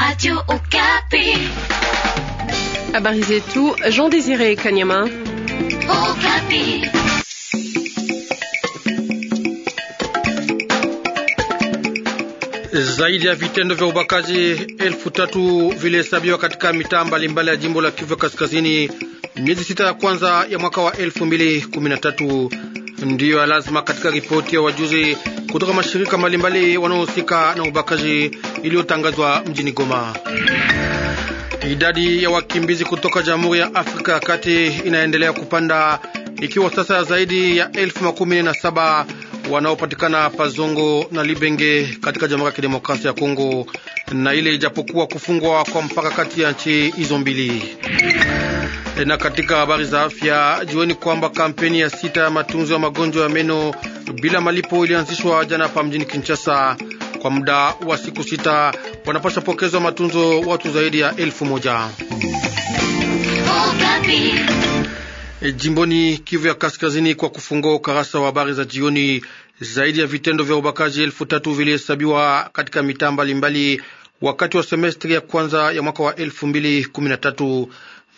Radio Okapi. Habari zetu Jean Désiré Kanyama. Okapi. Zaidi ya vitendo vya ubakaji elfu tatu vilihesabiwa katika mitaa mbalimbali ya jimbo la Kivu Kaskazini miezi sita ya kwanza ya mwaka wa elfu mbili kumi na tatu ndiyo ya lazima katika ripoti ya wajuzi kutoka mashirika mbalimbali wanaohusika na ubakaji iliyotangazwa mjini Goma. Idadi ya wakimbizi kutoka Jamhuri ya Afrika ya Kati inaendelea kupanda ikiwa sasa zaidi ya elfu makumi na saba wanaopatikana Pazongo na Libenge katika Jamhuri ya Kidemokrasia ya Kongo, na ile ijapokuwa kufungwa kwa mpaka kati ya nchi hizo mbili. Na katika habari za afya, jueni kwamba kampeni ya sita ya matunzo ya magonjwa ya meno bila malipo ilianzishwa jana hapa mjini Kinshasa. Kwa muda wa siku sita wanapasha pokezwa matunzo watu zaidi ya elfu moja. Oh, Eh, jimboni Kivu ya Kaskazini kwa kufungua ukarasa wa habari za jioni. Zaidi ya vitendo vya ubakaji elfu tatu vilihesabiwa katika mitaa mbalimbali wakati wa semestri ya kwanza ya mwaka wa elfu mbili kumi na tatu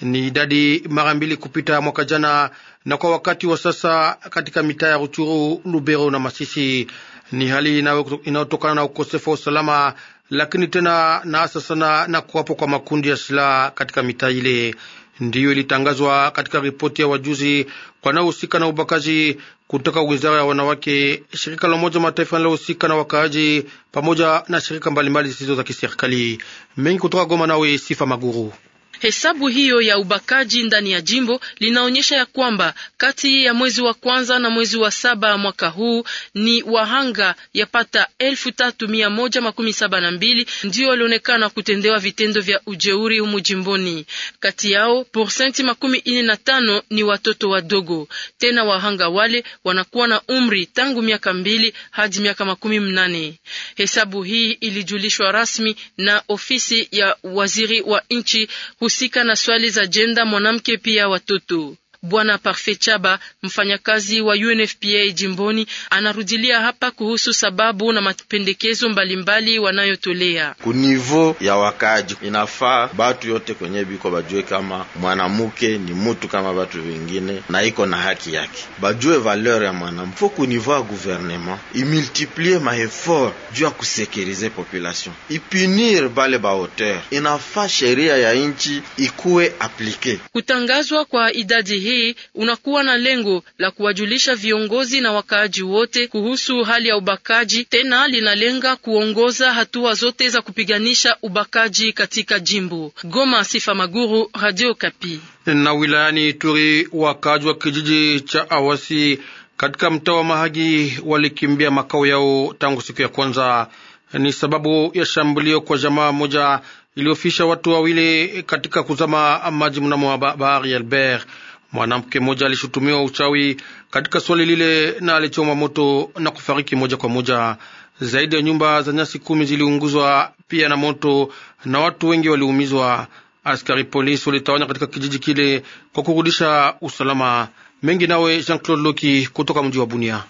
ni idadi mara mbili kupita mwaka jana, na kwa wakati wa sasa katika mitaa ya Ruchuru, Lubero na Masisi ni hali inayotokana na ukosefu wa usalama, lakini tena na hasa sana na kuwapo kwa makundi ya silaha katika mitaa ile ndiyo ilitangazwa katika ripoti ya wajuzi wanaohusika na ubakaji kutoka wizara ya wanawake, shirika la Umoja Mataifa linalohusika na wakaaji, pamoja na shirika mbalimbali zisizo za kiserikali mengi. Kutoka Goma nawe Sifa Maguru. Hesabu hiyo ya ubakaji ndani ya jimbo linaonyesha ya kwamba kati ya mwezi wa kwanza na mwezi wa saba mwaka huu ni wahanga yapata elfu tatu mia moja makumi saba na mbili ndio walionekana kutendewa vitendo vya ujeuri humu jimboni. Kati yao porsenti makumi ine na tano ni watoto wadogo. Tena wahanga wale wanakuwa na umri tangu miaka mbili hadi miaka makumi mnane. Hesabu hii ilijulishwa rasmi na ofisi ya waziri wa nchi kuhusika na swali za jenda, mwanamke pia watoto. Bwana Parfait Chaba, mfanyakazi wa UNFPA jimboni, anarudilia hapa kuhusu sababu na mapendekezo mbalimbali wanayotolea kunivo ya wakaji Inafaa batu yote kwenye biko bajue kama mwanamke ni mutu kama batu vingine na iko na haki yake, bajue valeur ya mwanamke fo. Kunivo ya guvernema imultiplie maefort juu ya kusekirize population, ipinir bale baoteur. Inafaa sheria ya nchi ikuwe aplike. Kutangazwa kwa idadi hii unakuwa na lengo la kuwajulisha viongozi na wakaaji wote kuhusu hali ya ubakaji, tena linalenga kuongoza hatua zote za kupiganisha ubakaji katika jimbo Goma. Sifa Maguru, Radio Kapi. Na wilayani Ituri, wakaaji wa kijiji cha Awasi katika mtaa wa Mahagi walikimbia makao yao tangu siku ya kwanza, ni sababu ya shambulio kwa jamaa moja iliyofisha watu wawili katika kuzama maji mnamo bahari Albert. Mwanamke mmoja alishutumiwa uchawi katika swali lile na alichomwa moto na kufariki moja kwa moja. Zaidi ya nyumba za nyasi kumi ziliunguzwa pia na moto na watu wengi waliumizwa. Askari polisi walitawanya katika kijiji kile kwa kurudisha usalama. Mengi nawe Jean Claude Loki kutoka mji wa Bunia.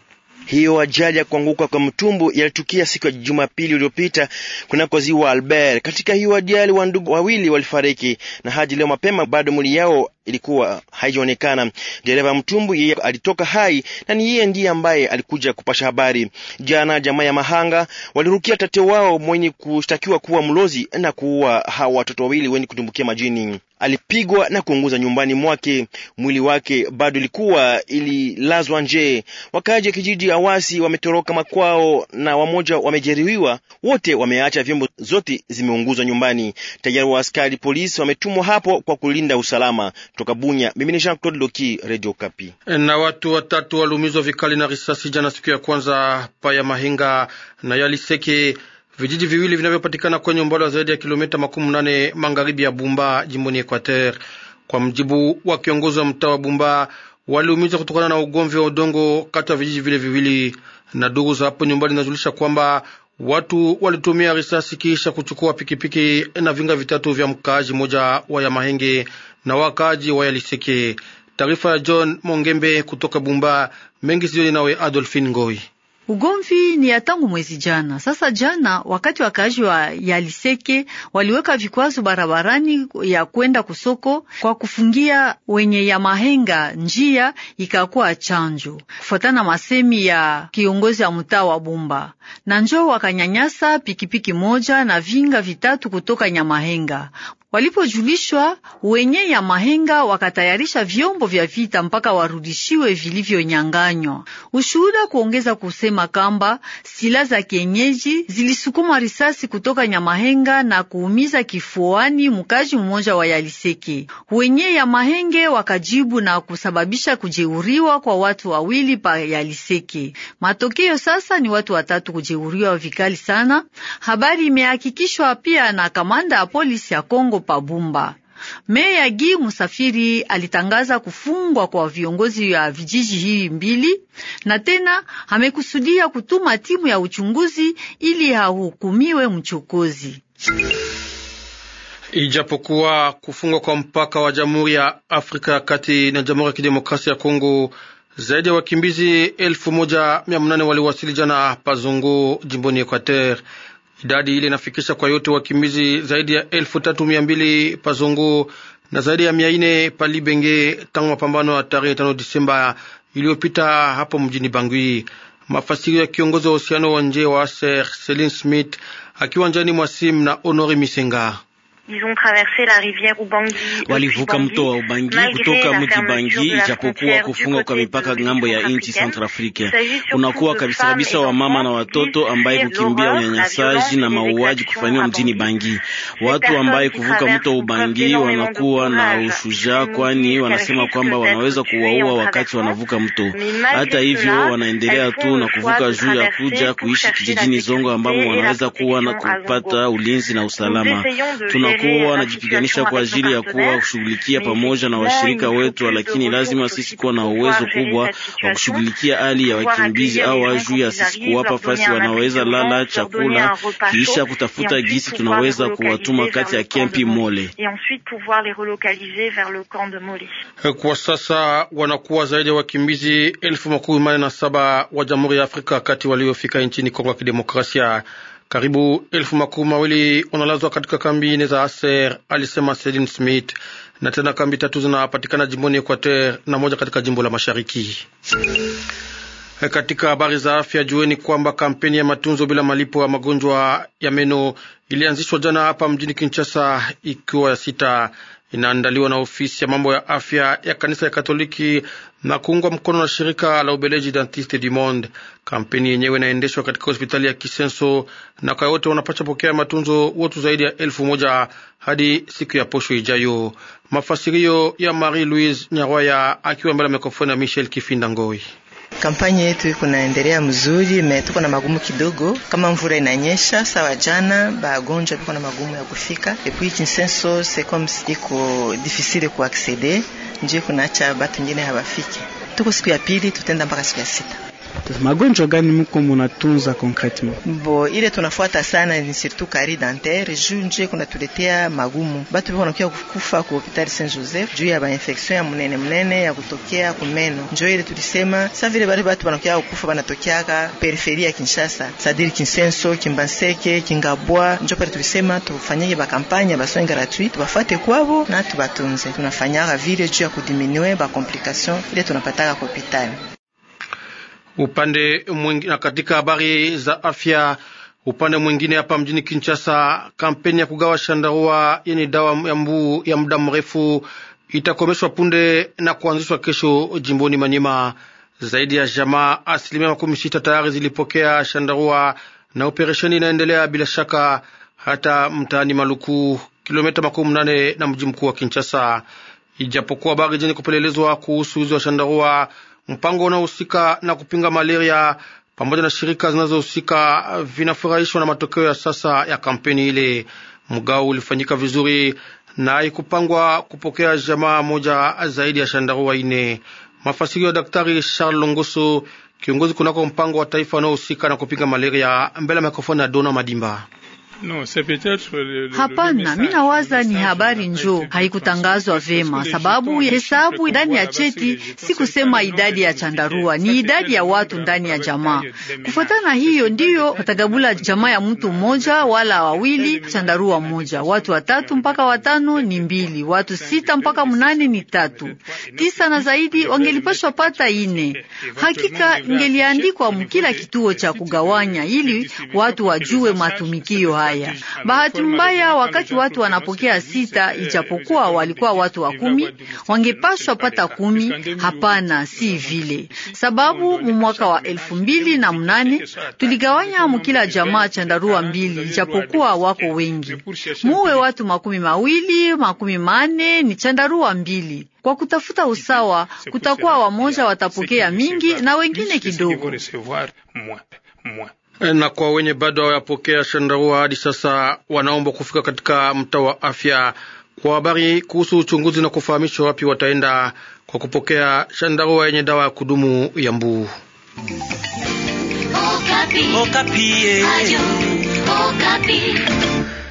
Hiyo ajali ya kuanguka kwa mtumbu yalitukia siku ya Jumapili uliopita kunako ziwa Albert. Katika hiyo ajali, wandugu wawili walifariki na hadi leo mapema bado mwili yao ilikuwa haijaonekana. Dereva mtumbu yeye alitoka hai na ni yeye ndiye ambaye alikuja kupasha habari jana. Jamaa ya mahanga walirukia tate wao mwenye kushtakiwa kuwa mlozi na kuua hawa watoto wawili wenye kutumbukia majini. Alipigwa na kuunguza nyumbani mwake. Mwili wake bado ilikuwa ililazwa nje. Wakaaji kijiji Awasi wametoroka makwao na wamoja wamejeruhiwa, wote wameacha vyombo, zote zimeunguzwa nyumbani. Tayari wa askari polisi wametumwa hapo kwa kulinda usalama. Toka Bunya, mimi ni Jean Claude Loki, Radio Kapi. Na watu watatu walumizwa vikali na risasi jana siku ya kwanza pa ya Mahinga na Yaliseke, vijiji viwili vinavyopatikana kwenye umbali wa zaidi ya kilomita makumi nane magharibi ya Bumba jimboni Equateur. Kwa mjibu wa kiongozi wa mtaa wa Bumba, waliumizwa kutokana na ugomvi wa udongo kati ya vijiji vile viwili, na ndugu za hapo nyumbani zinajulisha kwamba watu walitumia risasi kisha kuchukua pikipiki na vinga vitatu vya mkaaji moja wa Yamahenge na wa wayalisikie. Taarifa ya John Mongembe kutoka Bumba mengi Sidoni, nawe Adolfin Ngoi. Ugomvi ni ya tangu mwezi jana. Sasa jana, wakati wakaaji wa yaliseke waliweka vikwazo barabarani ya kwenda kusoko kwa kufungia wenye ya mahenga njia, ikakuwa chanjo kufuatana masemi ya kiongozi ya mtaa wa Bumba na njo wakanyanyasa pikipiki moja na vinga vitatu kutoka Nyamahenga. Walipojulishwa wenye ya mahenga wakatayarisha vyombo vya vita mpaka warudishiwe vilivyonyanganywa. Ushuhuda kuongeza kusema Makamba, sila za kienyeji zilisukuma risasi kutoka nyamahenga na kuumiza kifuani mkaji mmoja wa Yaliseke. Wenye Yamahenge wakajibu na kusababisha kujeuriwa kwa watu wawili pa Yaliseke. Matokeo sasa ni watu watatu kujeuriwa vikali sana. Habari imehakikishwa pia na kamanda ya polisi ya Kongo pa Bumba. Meya Gi Musafiri alitangaza kufungwa kwa viongozi ya vijiji hii mbili, na tena amekusudia kutuma timu ya uchunguzi ili hahukumiwe mchokozi. Ijapokuwa kufungwa kwa mpaka wa Jamhuri ya Afrika ya Kati na Jamhuri ya Kidemokrasia ya Kongo, zaidi ya wakimbizi elfu moja mia nane waliwasili jana Pazungu, jimboni Equateur. Idadi ile inafikisha kwa yote wakimbizi zaidi ya elfu tatu mia mbili Pazongo na zaidi ya mia nne Palibenge tangu mapambano ya tarehe tano Disemba iliyopita hapo mjini Bangui. mafasiri ya kiongozi wa uhusiano wa nje wa ASER Selin Smith akiwa njani mwasim na Honori Misenga ils ont traversé la rivière Ubangi. Walivuka mto wa Ubangi kutoka mji Bangi, ijapokuwa kufunga kwa mipaka ng'ambo ya nchi Centrafrica. Unakuwa kabisa kabisa wa mama na watoto ambaye kukimbia unyanyasaji na mauaji kufanywa mjini Bangi. Watu ambaye kuvuka mto Ubangi wanakuwa na ushujaa, kwani wanasema kwamba wanaweza kuwaua wakati wanavuka mto. Hata hivyo, wanaendelea tu na kuvuka juu ya kuja kuishi kijijini Zongo, ambamo wanaweza kuwa na kupata ulinzi na usalama Tuna kuwa anajipiganisha kwa ajili ya kuwa kushughulikia pamoja na washirika wetu, lakini lazima sisi kuwa na uwezo kubwa wa kushughulikia hali ya wakimbizi au ya sisi kuwapa fasi wanaweza lala chakula, kisha kutafuta gisi tunaweza kuwatuma kati ya kempi Mole. Kwa sasa wanakuwa zaidi ya wakimbizi elfu makumi manne na saba wa Jamhuri ya Afrika Kati waliofika nchini Kongo ya Kidemokrasia. Karibu elfu makumi mawili wanalazwa katika kambi ine za Aser, alisema Selin Smith, na tena kambi tatu zinapatikana jimboni Equateur na moja katika jimbo la Mashariki. Katika habari za afya, jueni kwamba kampeni ya matunzo bila malipo ya magonjwa ya meno ilianzishwa jana hapa mjini Kinshasa, ikiwa ya sita inaandaliwa na ofisi ya mambo ya afya ya kanisa ya Katoliki na kuungwa mkono na shirika la Ubeleji Dentiste du Monde. Kampeni yenyewe inaendeshwa katika hospitali ya Kisenso na kwa wote wanapacha pokea matunzo watu zaidi ya elfu moja hadi siku ya posho ijayo. Mafasirio ya Marie Louise Nyarwaya akiwa mbele ya mikrofoni ya Michel Kifinda Ngoi. Kampanya yetu iko naendelea mzuri, me tuko na magumu kidogo, kama mvura inanyesha sawa. Jana bagonjwa biko na magumu ya kufika epui kinsenso sekoms iko difisile kuaksede, njo kunaacha batu ingine habafike. Tuko siku ya pili, tutenda mpaka siku ya sita magonjwa gani mko munatunza concretement? Bo ile tunafuata sana ni surtout kari dentaire, juu nje kuna tuletea magumu batu biko nakia kukufa ku hopital Saint Joseph juu ya ba ya munene munene ya kutokea kumeno. Njo ile tulisema sa vile bale batu banakia kukufa banatokeaka periferi ya Kinshasa, sadiri Kinsenso, Kimbanseke, Kingabwa. Njo pale tulisema tufanyike ba basoin gratuit tubafate kwabo na tubatunze. Tunafanyaka vile juu ya kudiminue ba ile tunapataka ku hopital Upande mwingine, katika habari za afya, upande mwingine hapa mjini Kinshasa, kampeni ya kugawa shandarua yani dawa ya mbu ya muda mrefu itakomeshwa punde na kuanzishwa kesho jimboni Manyema. Zaidi ya jamaa asilimia makumi sita tayari zilipokea shandarua na operesheni inaendelea bila shaka hata mtaani Maluku, kilomita makumi nane na mji mkuu wa Kinshasa. Ijapokuwa habari jeni kupelelezwa kuhusu uzi wa shandarua mpango unaohusika na kupinga malaria pamoja na shirika zinazohusika uh, vinafurahishwa na matokeo ya sasa ya kampeni ile. Mgao ulifanyika vizuri na haikupangwa kupokea jamaa moja zaidi ya shandarua ine. Mafasiri ya Daktari Charles Longoso, kiongozi kunako mpango wa taifa unaohusika na kupinga malaria, mbele ya mikrofoni ya Dona Madimba hapana, mimi nawaza ni habari njo haikutangazwa vema, sababu hesabu ndani ya cheti si kusema idadi ya chandarua, ni idadi ya watu ndani ya jamaa. Kufuatana hiyo, ndiyo watagabula jamaa ya mtu mmoja wala wawili, chandarua moja, watu watatu mpaka watano ni mbili, watu sita mpaka mnane ni tatu, tisa na zaidi wangelipashwa pata ine. Hakika ingeliandikwa mkila kituo cha kugawanya, ili watu wajue matumikio haya mbaya. Bahati mbaya, wakati watu wanapokea sita, ijapokuwa walikuwa watu wa kumi, wangepashwa pata kumi. Hapana, si vile, sababu mwaka wa elfu mbili na mnane tuligawanya mkila jamaa chandarua mbili, ijapokuwa wako wengi, muwe watu makumi mawili makumi mane ni chandarua mbili kwa kutafuta usawa, kutakuwa wamoja watapokea mingi na wengine kidogo na kwa wenye bado hawayapokea shandarua hadi sasa wanaomba kufika katika mtaa wa afya kwa habari kuhusu uchunguzi na kufahamishwa wapi wataenda kwa kupokea shandarua yenye dawa ya kudumu ya mbuu. Okapi. Okapi. Eh.